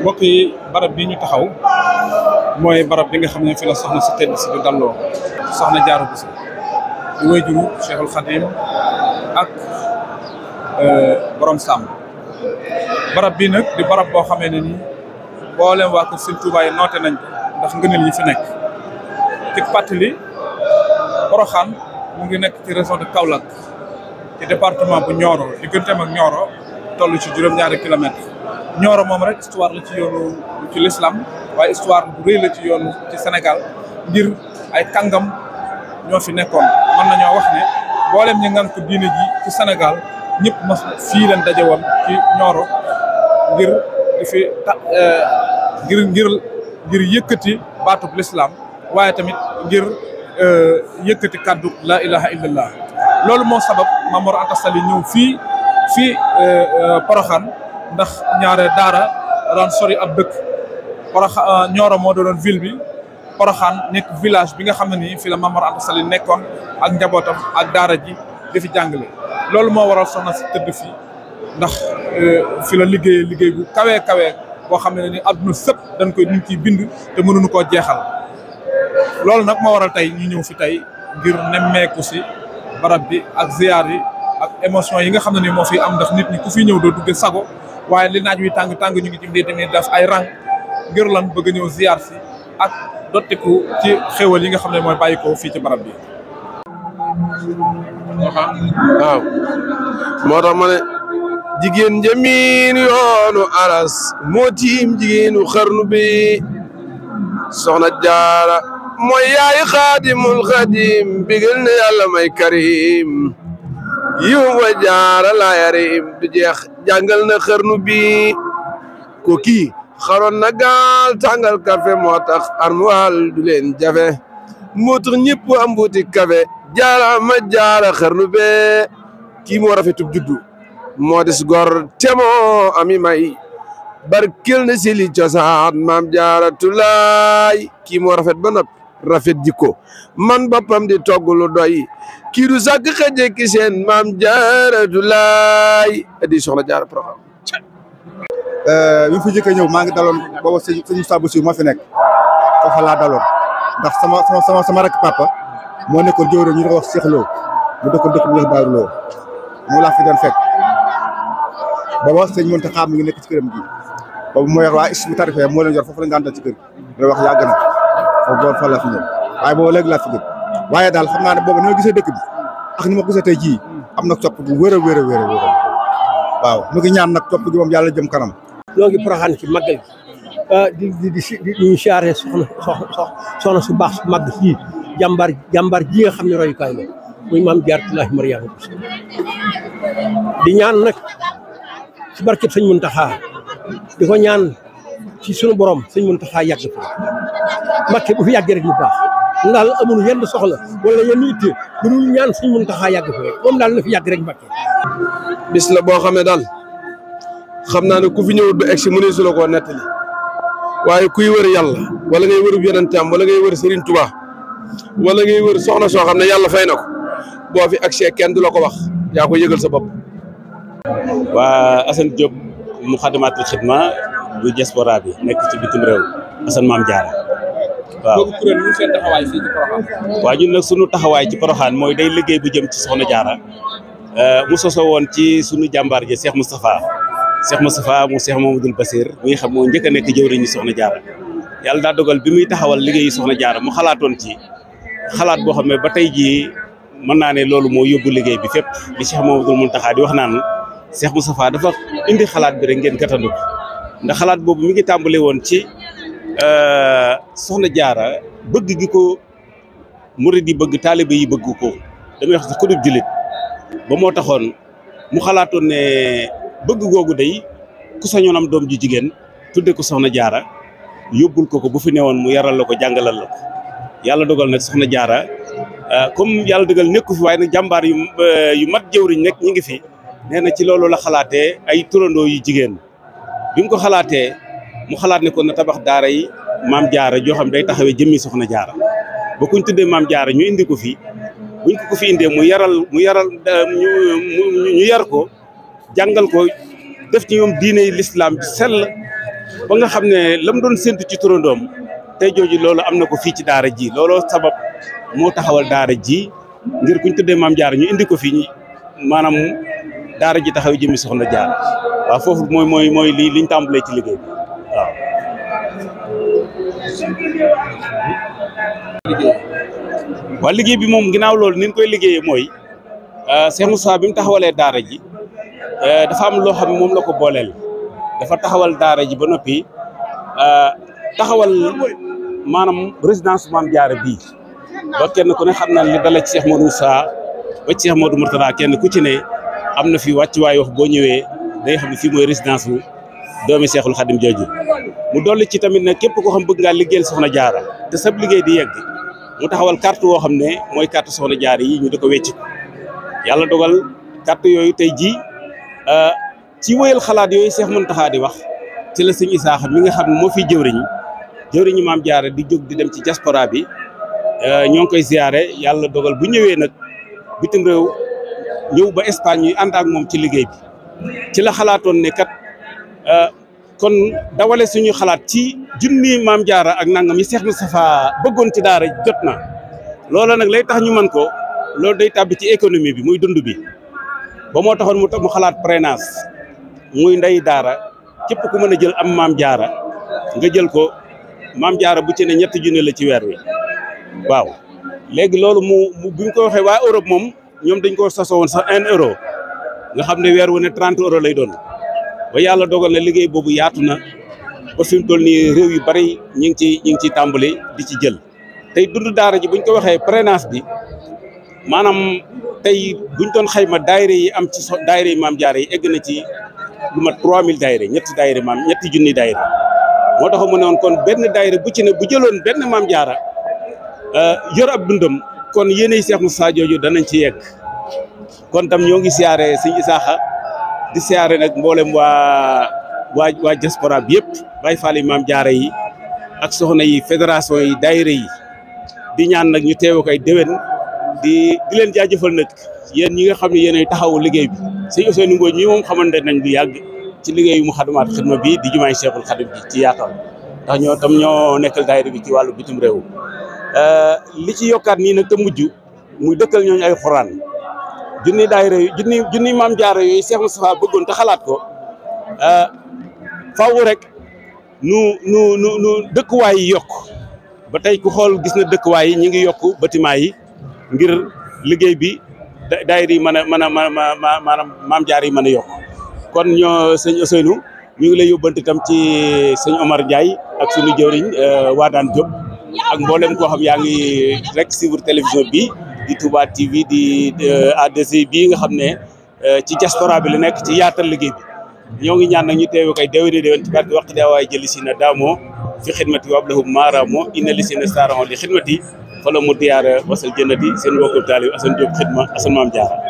mbokk yi barab bi ñu taxaw mooy barab bi nga xam ne fi la soxna si tedd si du dalloo soxna jaaru Bousso di wéyjuru Cheikhul Khadim ak euh, borom sàmm barab bi nag di barab boo xamee ne ni booleem waa ko Sëñ Tuubaa yi noote nañ ko ndax ngëneel ñi fi nekk ci pàttali Porokhane mu ngi nekk ci région de Kaolack ci département bu Nioro digganteem ak Nioro toll ci juróom-ñaari kilomètres ñoro mom rek histoire la ci yoonu ci l'islam way histoire bu rëy la ci yoonu ci Sénégal ngir ay kangam ñoo fi nekkon man nañoo wax ne bolem ñi ngan ko diine ji ci Sénégal ñepp mas fii leen daje woon ci ñoro ngir di fi eh, ngir ngir ngir yëkëti baatub l'islam waye tamit ngir eh, yëkëti kaddu la ilaha illallah lolu mo sabab Mamor Anta ñew fi fii euh eh, paroxane ndax ñaare daara daan sori ab dëkk Poroxa euh, moo doon ville bi Poroxaan nekk village bi nga xam ne ni fi la Mame Mor Anta nekkoon ak njabootam ak daara ji dafi fi loolu moo waral soxna si tëdd fii ndax euh, fi la liggéeyee liggéey bu kawee kawee boo xam ne ni adduna sëpp dañ koy ñu ciy bind te mënuñu koo jeexal loolu nag moo waral tey ñu ñëw fi tey ngir nemmeeku si barab bi ak ziyaar yi ak émotion yi nga xam ne ni moo fi am ndax nit ñi ku fi ñëw doo dugge sago waaye li naaj wi tàng tàng ñu ngi ci biir tamit das ay rang ngir lan bëgg ñëw si ak dottiku ci xéwal yi nga xam ne mooy bàyyi ko fii ci barab bi. waaw moo tax ma ne jigéen njëmiin yoonu aras moo tiim jigéenu xarnu bi soxna jaara mooy yaay xaadimul xaadim bigal ne yàlla may karim yiwum wa jaara laa yare jeex jàngal na xërnu bi ko kii xaroon na gaal tàngal kafe moo tax armuwaal du leen jafe moo tax ñëpp am mbuuti kafe jaara ma jaara xërnu be kii moo rafetub juddu moo des gor temoo ami may barkel na sili cosaan maam jaara tulaay kii moo rafet ba noppi rafet jikko man bapam di togg lu doy kii du sàkk xëje seen maam jaaratu laay di soxla jaar programme. Euh, bi fi njëkk a ñëw maa ngi daloon booba sëñ sëñ Moustapha Boussirou moo fi nekk foofa laa daloon ndax sama sama sama rakk papa moo nekkoon jëwriñ ñu ko wax Cheikh mu dëkkoon dëkk bu ñuy wax Daaru Lo laa fi doon fekk booba sëñ Mountakha mi ngi nekk ci këram gi boobu mooy wax waa Hizbut Tarqiyyah moo leen yor foofu la ñu daan dal ci kër gi wax yàgg na. foofu fa la fi ñëw waaye boobu léegi laa fi gën waaye daal xam naa ne boobu ni ma gisee dëkk bi ak ni ma gisee tey jii am na topp bu wér a wér a wér a wér waaw ñu ngi ñaan nag topp gi moom yàlla jëm kanam ñoo ngi Porokhane ci màggal ah, di di di di ñuy siyaare soxna soxna soxna su baax su màgg fii jàmbaar jàmbaar ji nga xam ne royukaay la muy maam jaaratullaahi mariama di ñaan nag ci barkeb sëñ Muntaxa di ko ñaan ci sunu borom sëñ Muntaxa yàgg fa Macky bu fi yàggee rek ñu baax ñun daal amul yenn soxla wala yenn itte bu dul ñaan suñ mën taxaa yàgg fi rek moom daal na fi yàgg rek Macky bis la boo xamee daal xam naa ne ku fi ñëwut ba egg si mu ne su la waaye kuy wër yàlla wala ngay wër yonentam wala ngay wër Serigne Touba wala ngay wër soxna soo xam ne yàlla fay na ko boo fi agsee kenn du la ko wax yaa ko yëgal sa bopp. waa Assane Diop mu xadimaatul xidma bu diaspora nekk ci bitim réew Assane waaw waaw ñun nag sunu taxawaay ci Porokhane mooy day liggéey bu jëm ci Soxna Jaara euh, mu soso woon ci sunu jàmbaar ji Cheikh Moustapha Cheikh Moustapha mu Cheikh Mamadou Bassir mi nga xam moo njëkk a nekk jëwriñu Soxna Jaara yàlla daa dogal bi muy taxawal liggéeyu Soxna Jaara mu xalaatoon ci xalaat boo xam ne ba tey jii mën naa ne loolu moo yóbbu liggéey bi fépp li Cheikh Mamadou Mountakha di wax naan mu Moustapha dafa indi xalaat bi rek ngeen gàttandu ndax xalaat boobu mi ngi tàmbale woon ci Euh, soxna jaara bëgg gi ko murid yi bëgg taalibe yi bëgg ko damay wax sax ko dub jullit ba moo taxoon mu xalaatoon ne bëgg googu dey ku sañoon am doom ju jigéen tudde ko soxna jaara yóbbul ko ko bu fi newoon mu yaral la ko jàngalal la ko yàlla dogal nag soxna jaara euh, comme yàlla dogal nekku fi waaye nag jàmbaar yu euh, yu mat jëwriñ nekk ñi ngi fi nee na ci loolu la xalaatee ay turandoo yu jigéen bi ko xalaatee mu xalaat ne kon na tabax daara yi maam jaara joo xam day taxawee jëmmi soxna jaara ba kuñ tuddee maam jaara ñu indi ko fii ko fi indee mu yaral mu yaral ñu yar ko jàngal ko def ci yom diine lislaam sel sell ba nga xam ne lam doon séntu ci turandoom te jooju loolu am na ko fii ci daara ji looloo sabab moo taxawal daara ji ngir kuñ tëddee maam jaara ñu indi ko fii maanaam daara ji taxaw jëmmi soxna jaara waaw foofu mooy mooy mooy li liñ tàmbalee ci liggéey waaw. waa liggéey bi moom ginnaaw loolu ni koy liggéeyee mooy euh, Cheikh Moussa bi mu taxawalee daara ji euh, dafa am loo xam moom la ko booleel dafa taxawal daara ji ba noppi euh, taxawal maanaam résidence man jaar bii ba kenn ku ne xam na li dala ci Cheikh Modou Moussa ba ci Cheikh Modou kenn ku ci ne am na fi wàccuwaay wax boo ñëwee day xam ne fii mooy résidence bu doomi seexul xadim jooju mu dolli ci tamit na képp koo xam bëgg ngaa liggéeyal soxna jaara te sab liggéey di yegg mu taxawal carte woo xam ne mooy carte soxna jaar yi ñu di ko wecci yàlla dogal carte yooyu tey jii euh, ci wéyal xalaat yooyu seex Muntaxa di wax ci la sëñ Isaaxa mi nga xam ne moo fi jëwriñ jëwriñu maam jaara di jóg di dem ci jaspora bi euh, ñoo ngi koy siyaare yàlla dogal bu ñëwee nag bitim réew ñëw ba Espagne ñuy ànd moom ci liggéey bi ci la xalaatoon ne kat Euh, kon dawale suñu xalaat ci junni maam jaara ak nangam yi Cheikh Moustapha bëggoon ci daara jot na loola nag lay tax ñu mën ko loolu day tàbbi ci économie bi muy dund bi ba moo taxoon mu mu xalaat prénance muy ndey daara képp ku mën a jël am maam jaara nga jël ko maam jaara bu ci ne ñetti junni la ci weer wi waaw léegi loolu mu buñ ko waxee waa Europe moom ñoom dañ ko sasoo woon sax un euro nga xam ne weer wu ne trente euro lay doon ba yàlla dogal na liggéey boobu yaatu na ba fi mu toll ni réew yu bari ñu ngi ciy ñu ngi ciy tàmbali di ci jël tey dund daara ji buñ ko waxee prénance bi maanaam tey buñ toon xayma daayira yi am ci daayira yi maam jaare yi egg na ci lu mat mille daayira ñetti daayira maam ñetti junni daayira moo tax mu ne woon kon benn daayira bu ci ne bu jëloon benn maam jaara euh, yor ab dundam kon yéenay Seex Musaa jooju danañ ci yegg kon tam ñoo ngi siyaare sëñ Isaaxa di siyaare nag mboolem waa waa waa diaspora bi yëpp Baye Fall yi maam jaare yi ak soxna yi fédération yi daayira yi di ñaan nag ñu teew koy déwén di di leen jaajëfal nag yéen ñi nga xam ne yéenay taxawu liggéey bi sëñ Ousseynou Ngoye ñi moom xamante nañ lu yàgg ci liggéeyu Moukhaddamatoul Khidma bi di jumaay Cheikhul Khadim bi ci yaatal ndax ñoo tam ñoo nekkal daayira bi ci wàllu bitim réew euh, li ci yokkaat nii nag te mujj muy dëkkal ñooñu ay xuraan junni daayira yu junni junni maam jaara yooyu Cheikh Moustapha bëggoon te xalaat ko euh, faaw rek nu nu nu dëkkuwaay yi yokk ba tey ku xool gis na dëkkuwaay yi ñu ngi yokk bâtiment yi ngir liggéey bi daayira yi mën a mën a maanaam maam jaar yi mën a yokk kon ñoo sëñ Ousseynou ñu ngi lay yóbbante itam ci sëñ Omar Ndiaye ak suñu jëwriñ euh, Wadane Diop ak mboolem koo xam yaa ngi rek suivre télévision bi di Touba TV di euh, ADC bii nga xam ne euh, ci diaspora bi la nekk ci yaatal liggéey bi ñoo ngi ñaan nag ñu teewe koy déwéne déwén ci barke waqti daawaay jëli si na daamoo fi xidmati wa ablahum maaraamoo inna li si na saaraon li xidmati fala mu diyaara wasal jënnati seen mbokku taalib Assane Diop xidma Assane Mame Diarra